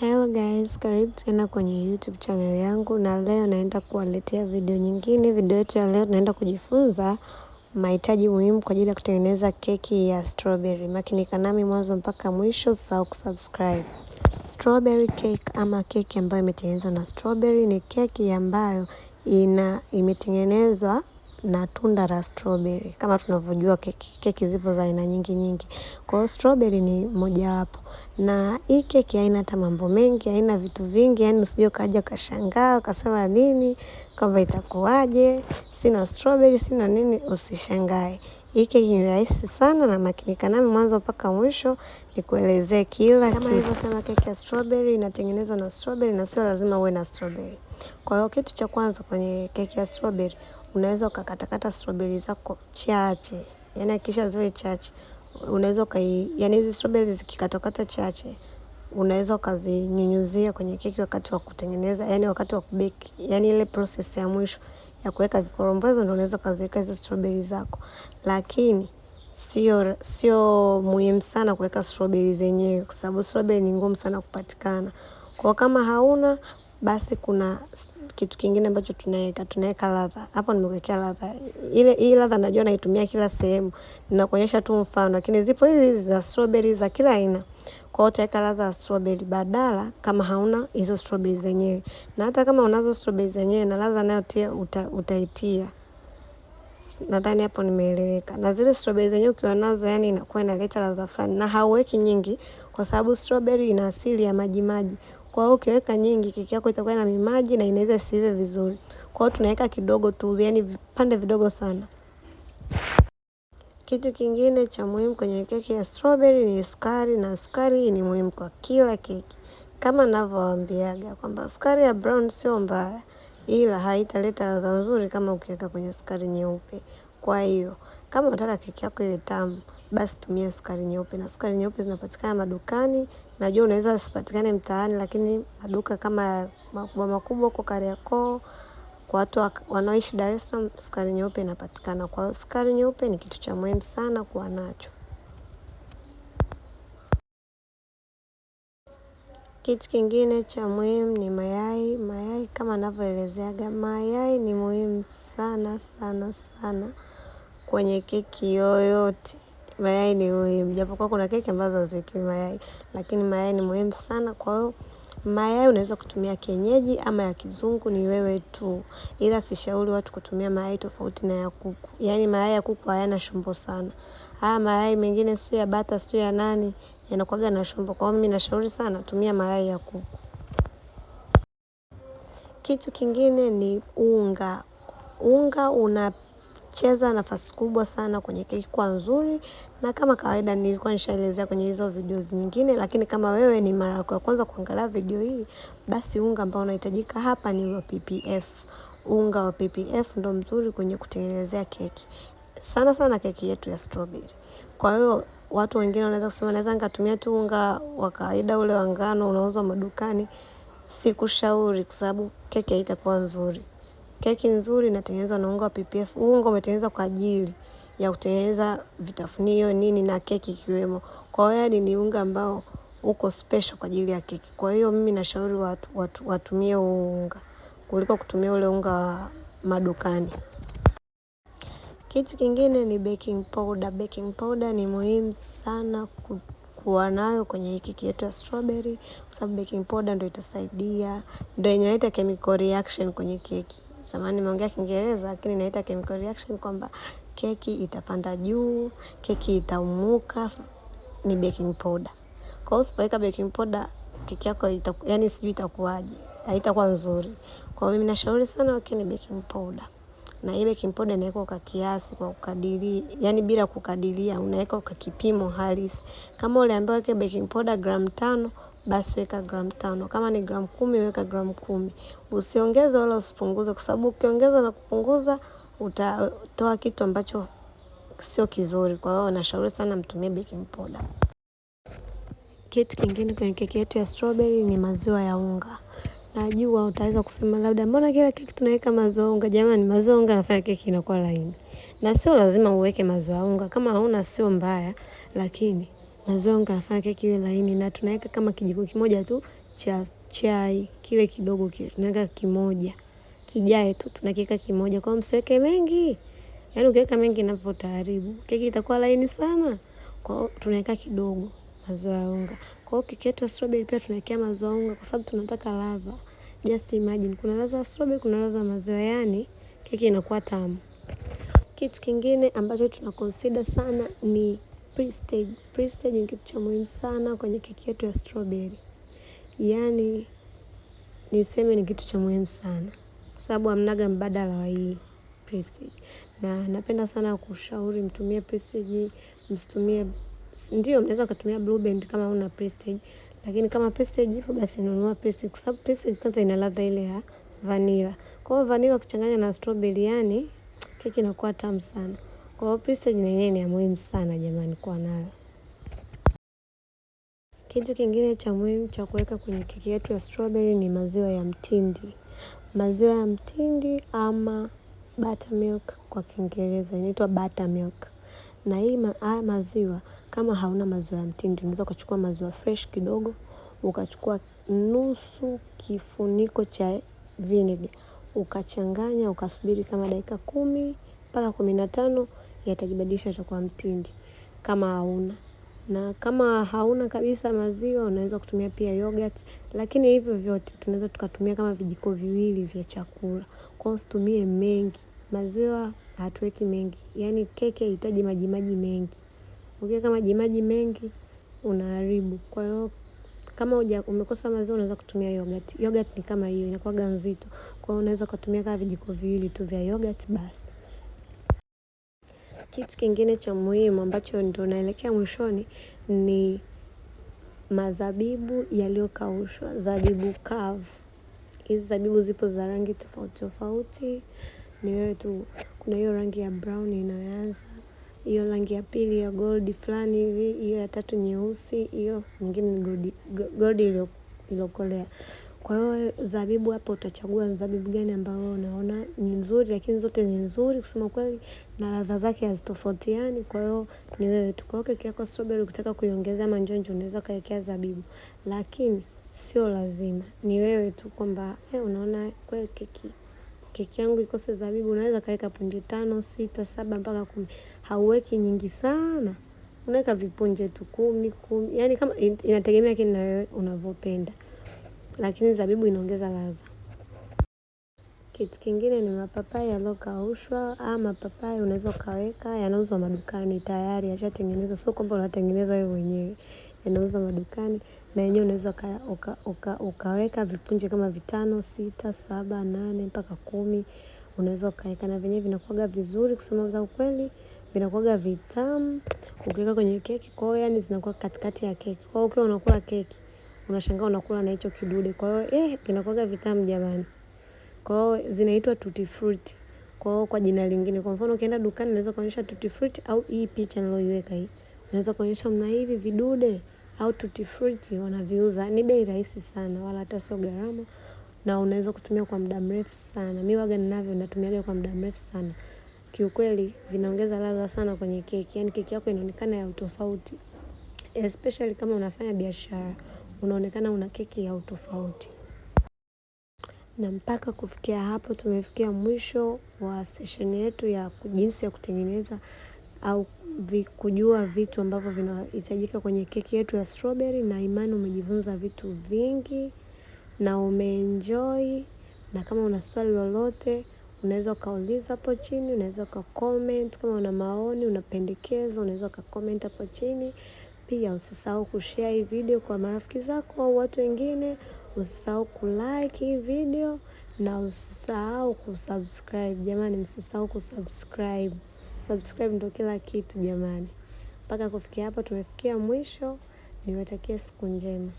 Hello guys, karibu tena kwenye YouTube channel yangu na leo naenda kuwaletea video nyingine. Video yetu ya leo tunaenda kujifunza mahitaji muhimu kwa ajili ya kutengeneza keki ya strawberry. Makinika nami mwanzo mpaka mwisho, usisahau kusubscribe. Strawberry cake ama keki ambayo imetengenezwa na strawberry ni keki ambayo ina imetengenezwa na tunda la strawberry. Kama tunavyojua keki, keki zipo za aina nyingi nyingi. Kwa hiyo strawberry ni mojawapo. Na hii keki haina hata mambo mengi, haina vitu vingi, yani usije ukaja ukashangaa, ukasema nini, kwamba itakuwaje, sina strawberry, sina nini, usishangae. Hii keki ni rahisi sana na makinika nami mwanzo mpaka mwisho nikuelezee kila kitu. Kama nilivyosema keki ya strawberry inatengenezwa na strawberry na sio lazima uwe na strawberry. Kwa hiyo kitu cha kwanza kwenye keki ya strawberry unaweza ukakatakata strawberry zako chache, yani akisha ziwe chache unaweza ukai, yani hizi strawberry zikikatakata chache unaweza ukazinyunyuzia kwenye keki wakati wa kutengeneza, yani wakati wa kubeki, yani ile process ya mwisho ya kuweka vikorombozo ndio unaweza ukaziweka hizo strawberry zako, lakini sio sio muhimu sana kuweka strawberry zenyewe, kwa sababu strawberry ni ngumu sana kupatikana. Kwa kama hauna basi kuna kitu kingine ambacho tunaweka, tunaweka ladha. Hapo nimekuwekea ladha ile, hii ladha najua naitumia kila sehemu, ninakuonyesha tu mfano, lakini zipo hizi za strawberry za kila aina. Kwa hiyo utaweka ladha ya strawberry badala kama hauna hizo strawberry zenyewe, na hata kama unazo strawberry zenyewe na ladha nayo tia uta, utaitia Nadhani hapo nimeeleweka. Na zile strawberry zenyewe ukiwa nazo, yani inakuwa inaleta ladha fulani, na hauweki nyingi, kwa sababu strawberry ina asili ya maji maji. Kwa hiyo ukiweka nyingi keki yako itakuwa na mimaji na inaweza siive vizuri. Kwa hiyo tunaweka kidogo tu, yani vipande vidogo sana. Kitu kingine cha muhimu kwenye keki ya strawberry ni sukari, na sukari ni muhimu kwa kila keki. Kama ninavyowaambiaga kwamba sukari ya brown sio mbaya, ila haitaleta ladha nzuri kama ukiweka kwenye sukari nyeupe. Kwa hiyo kama unataka keki yako iwe tamu, basi tumia sukari nyeupe, na sukari nyeupe zinapatikana madukani najua unaweza asipatikane mtaani, lakini maduka kama makubwa makubwa kwa Kariakoo, kwa watu wanaoishi Dar es Salaam, sukari nyeupe inapatikana. Kwa hiyo sukari nyeupe ni kitu cha muhimu sana kuwa nacho. Kitu kingine cha muhimu ni mayai. Mayai kama anavyoelezeaga mayai ni muhimu sana sana sana kwenye keki yoyote mayai ni muhimu, japokuwa kuna keki ambazo haziwekewi mayai, lakini mayai ni muhimu sana. Kwa hiyo mayai unaweza kutumia kienyeji ama ya kizungu, ni wewe tu, ila sishauri watu kutumia mayai tofauti na ya kuku. Yaani mayai ya kuku hayana shumbo sana, haya mayai mengine sijui ya bata sijui ya nani yanakuwaga na shumbo. Kwa hiyo mimi nashauri sana tumia mayai ya kuku. Kitu kingine ni unga, unga una kucheza nafasi kubwa sana kwenye keki kuwa nzuri, na kama kawaida nilikuwa nishaelezea kwenye hizo video nyingine, lakini kama wewe ni mara yako ya kwanza kuangalia video hii, basi unga ambao unahitajika hapa ni wa PPF. Unga wa PPF ndo mzuri kwenye kutengenezea keki, sana sana keki yetu ya strawberry. Kwa hiyo watu wengine wanaweza kusema naweza nikatumia tu unga wa kawaida ule wa ngano unaouzwa madukani. Sikushauri kwa sababu keki haitakuwa nzuri. Keki nzuri inatengenezwa na unga wa PPF. Unga umetengenezwa kwa ajili ya kutengeneza vitafunio nini na keki ikiwemo. Kwa hiyo yani ni unga ambao uko special kwa ajili ya keki. Kwa hiyo mimi nashauri watu, watu, watumie unga kuliko kutumia ule unga wa madukani. Kitu kingine ni baking powder. Baking powder ni muhimu sana kuwa nayo kwenye keki yetu ya strawberry kwa sababu baking powder ndio itasaidia, ndio inaleta chemical reaction kwenye keki samahani, nimeongea Kiingereza lakini naita chemical reaction kwamba keki itapanda juu, keki itaumuka, ni baking powder. Kwa hiyo usipoweka baking powder keki yako ita, yani sijui itakuwaje, haitakuwa nzuri. Kwa hiyo mimi nashauri sana ni baking powder na ile baking powder inawekwa kwa kiasi, kwa kukadiri, yani bila kukadiria, unaweka kwa kipimo halisi. Kama ule ambaye weke baking powder gram tano, basi weka gramu tano. Kama ni gramu kumi, weka gramu kumi. Usiongeze wala usipunguze, kwa sababu ukiongeza na kupunguza utatoa kitu ambacho sio kizuri. Kwa hiyo nashauri sana mtumie baking powder. Kitu kingine kwenye keki yetu ya strawberry ni maziwa ya unga. Najua utaweza kusema labda mbona kila keki tunaweka maziwa unga? Jamani, maziwa unga nafanya keki inakuwa laini, na sio lazima uweke maziwa ya unga. Kama hauna sio mbaya, lakini maziwa nikafanya keki iwe laini, na tunaweka kama kijiko kimoja tu cha chai, kiwe kidogo kile, tunaweka kimoja kijae tu, tunakiweka kimoja, kwa msiweke mengi, yaani ukiweka mengi inapo taharibu keki itakuwa laini sana. Kwa hiyo tunaweka kidogo maziwa ya unga. Kwa hiyo keki yetu ya strawberry pia tunawekea maziwa ya unga kwa sababu tunataka ladha. Just imagine kuna ladha ya strawberry, kuna ladha ya maziwa, yani keki inakuwa tamu. Kitu kingine ambacho tuna consider sana ni prestige. Prestige ni kitu cha muhimu sana kwenye keki yetu ya strawberry, yaani niseme ni kitu cha muhimu sana kwa sababu hamnaga mbadala wa hii prestige. na napenda sana kushauri mtumie prestige, msitumie ndio, mnaweza kutumia Blue Band kama una prestige, lakini kama prestige ipo basi nunua prestige kwa sababu prestige kwanza ina ladha ile ya vanilla. Kwa hiyo vanilla ukichanganya na strawberry, yani keki inakuwa tamu sana. Kwa hiyo prestige yenyewe ni ya muhimu sana jamani, kuwa nayo. Kitu kingine cha muhimu cha kuweka kwenye keki yetu ya strawberry ni maziwa ya mtindi, maziwa ya mtindi ama buttermilk kwa Kiingereza inaitwa buttermilk. Na hii ma, haya maziwa kama hauna maziwa ya mtindi unaweza ukachukua maziwa fresh kidogo, ukachukua nusu kifuniko cha vinegar ukachanganya, ukasubiri kama dakika kumi mpaka kumi na tano yatajibadilisha yatakuwa mtindi kama hauna, na kama hauna kabisa maziwa unaweza kutumia pia yogurt, lakini hivyo vyote tunaweza tukatumia kama vijiko viwili vya chakula. Kwa hiyo usitumie mengi, maziwa hatuweki mengi, yaani keki haihitaji maji mengi, ukiweka maji maji mengi unaharibu. Kwa hiyo kama uja, umekosa maziwa unaweza kutumia yogurt. Yogurt ni kama hiyo inakuwa nzito, kwa hiyo unaweza kutumia kama vijiko viwili tu vya yogurt basi. Kitu kingine cha muhimu ambacho ndo naelekea mwishoni ni mazabibu yaliyokaushwa, zabibu kavu. Hizi zabibu zipo za rangi tofauti tofauti, ni wewe tu. Kuna hiyo rangi ya brown inayoanza, hiyo rangi ya pili ya goldi fulani hivi, hiyo ya tatu nyeusi, hiyo nyingine ni gold iliyokolea. Kwa hiyo zabibu hapo utachagua zabibu gani ambayo unaona ni nzuri, lakini zote ni nzuri kusema kweli na ladha zake hazitofautiani. Kwa hiyo ni wewe tu. Kwa hiyo keki yako strawberry ukitaka kuiongeza manjonjo unaweza ukaiwekea zabibu, lakini sio lazima, ni wewe tu kwamba eh, unaona kweli keki keki yangu ikose zabibu. Unaweza ukaweka punje tano, sita, saba mpaka kumi. Hauweki nyingi sana, unaweka vipunje tu kumi kumi, yani kama inategemea kile na wewe unavyopenda lakini zabibu inaongeza ladha. Kitu kingine ni mapapai yaliyokaushwa au mapapai unaweza ukaweka, yanauzwa madukani tayari, yashatengenezwa, sio kwamba unatengeneza wewe mwenyewe, yanauzwa madukani na yenyewe unaweza uka, uka, ukaweka vipunje kama vitano, sita, saba, nane mpaka kumi unaweza ukaweka, na vyenyewe vinakuaga vizuri, kusema za ukweli vinakuaga vitamu ukiweka kwenye keki. Kwa hiyo yani zinakuwa katikati ya keki, kwa hiyo ukiwa unakula keki unashangaa unakula na hicho kidude. Kwa hiyo eh, kinakuwa vitamu jamani. Kwa hiyo zinaitwa tutti frutti kwa hiyo kwa jina lingine. Kwa mfano ukienda dukani unaweza kuonyesha tutti frutti au hii picha niloiweka hii. Unaweza kuonyesha mna hivi vidude au tutti frutti wanaviuza. Ni bei rahisi sana wala hata sio gharama na unaweza kutumia kwa muda mrefu sana. Mimi waga ninavyo natumiaga kwa muda mrefu sana. Kiukweli vinaongeza ladha sana kwenye keki. Yaani keki yako inaonekana ya utofauti. Especially kama unafanya biashara unaonekana una keki ya utofauti. Na mpaka kufikia hapo, tumefikia mwisho wa sesheni yetu ya jinsi ya kutengeneza au kujua vitu ambavyo vinahitajika kwenye keki yetu ya strawberry. Na imani umejifunza vitu vingi na umeenjoy, na kama una swali lolote unaweza ukauliza hapo chini, unaweza uka comment. Kama una maoni, una pendekezo, unaweza uka comment hapo chini. Pia usisahau kushare hii video kwa marafiki zako au watu wengine. Usisahau kulike hii video na usisahau kusubscribe. Jamani, msisahau kusubscribe. Subscribe ndo kila kitu jamani. Mpaka kufikia hapa tumefikia mwisho. Niwatakie siku njema.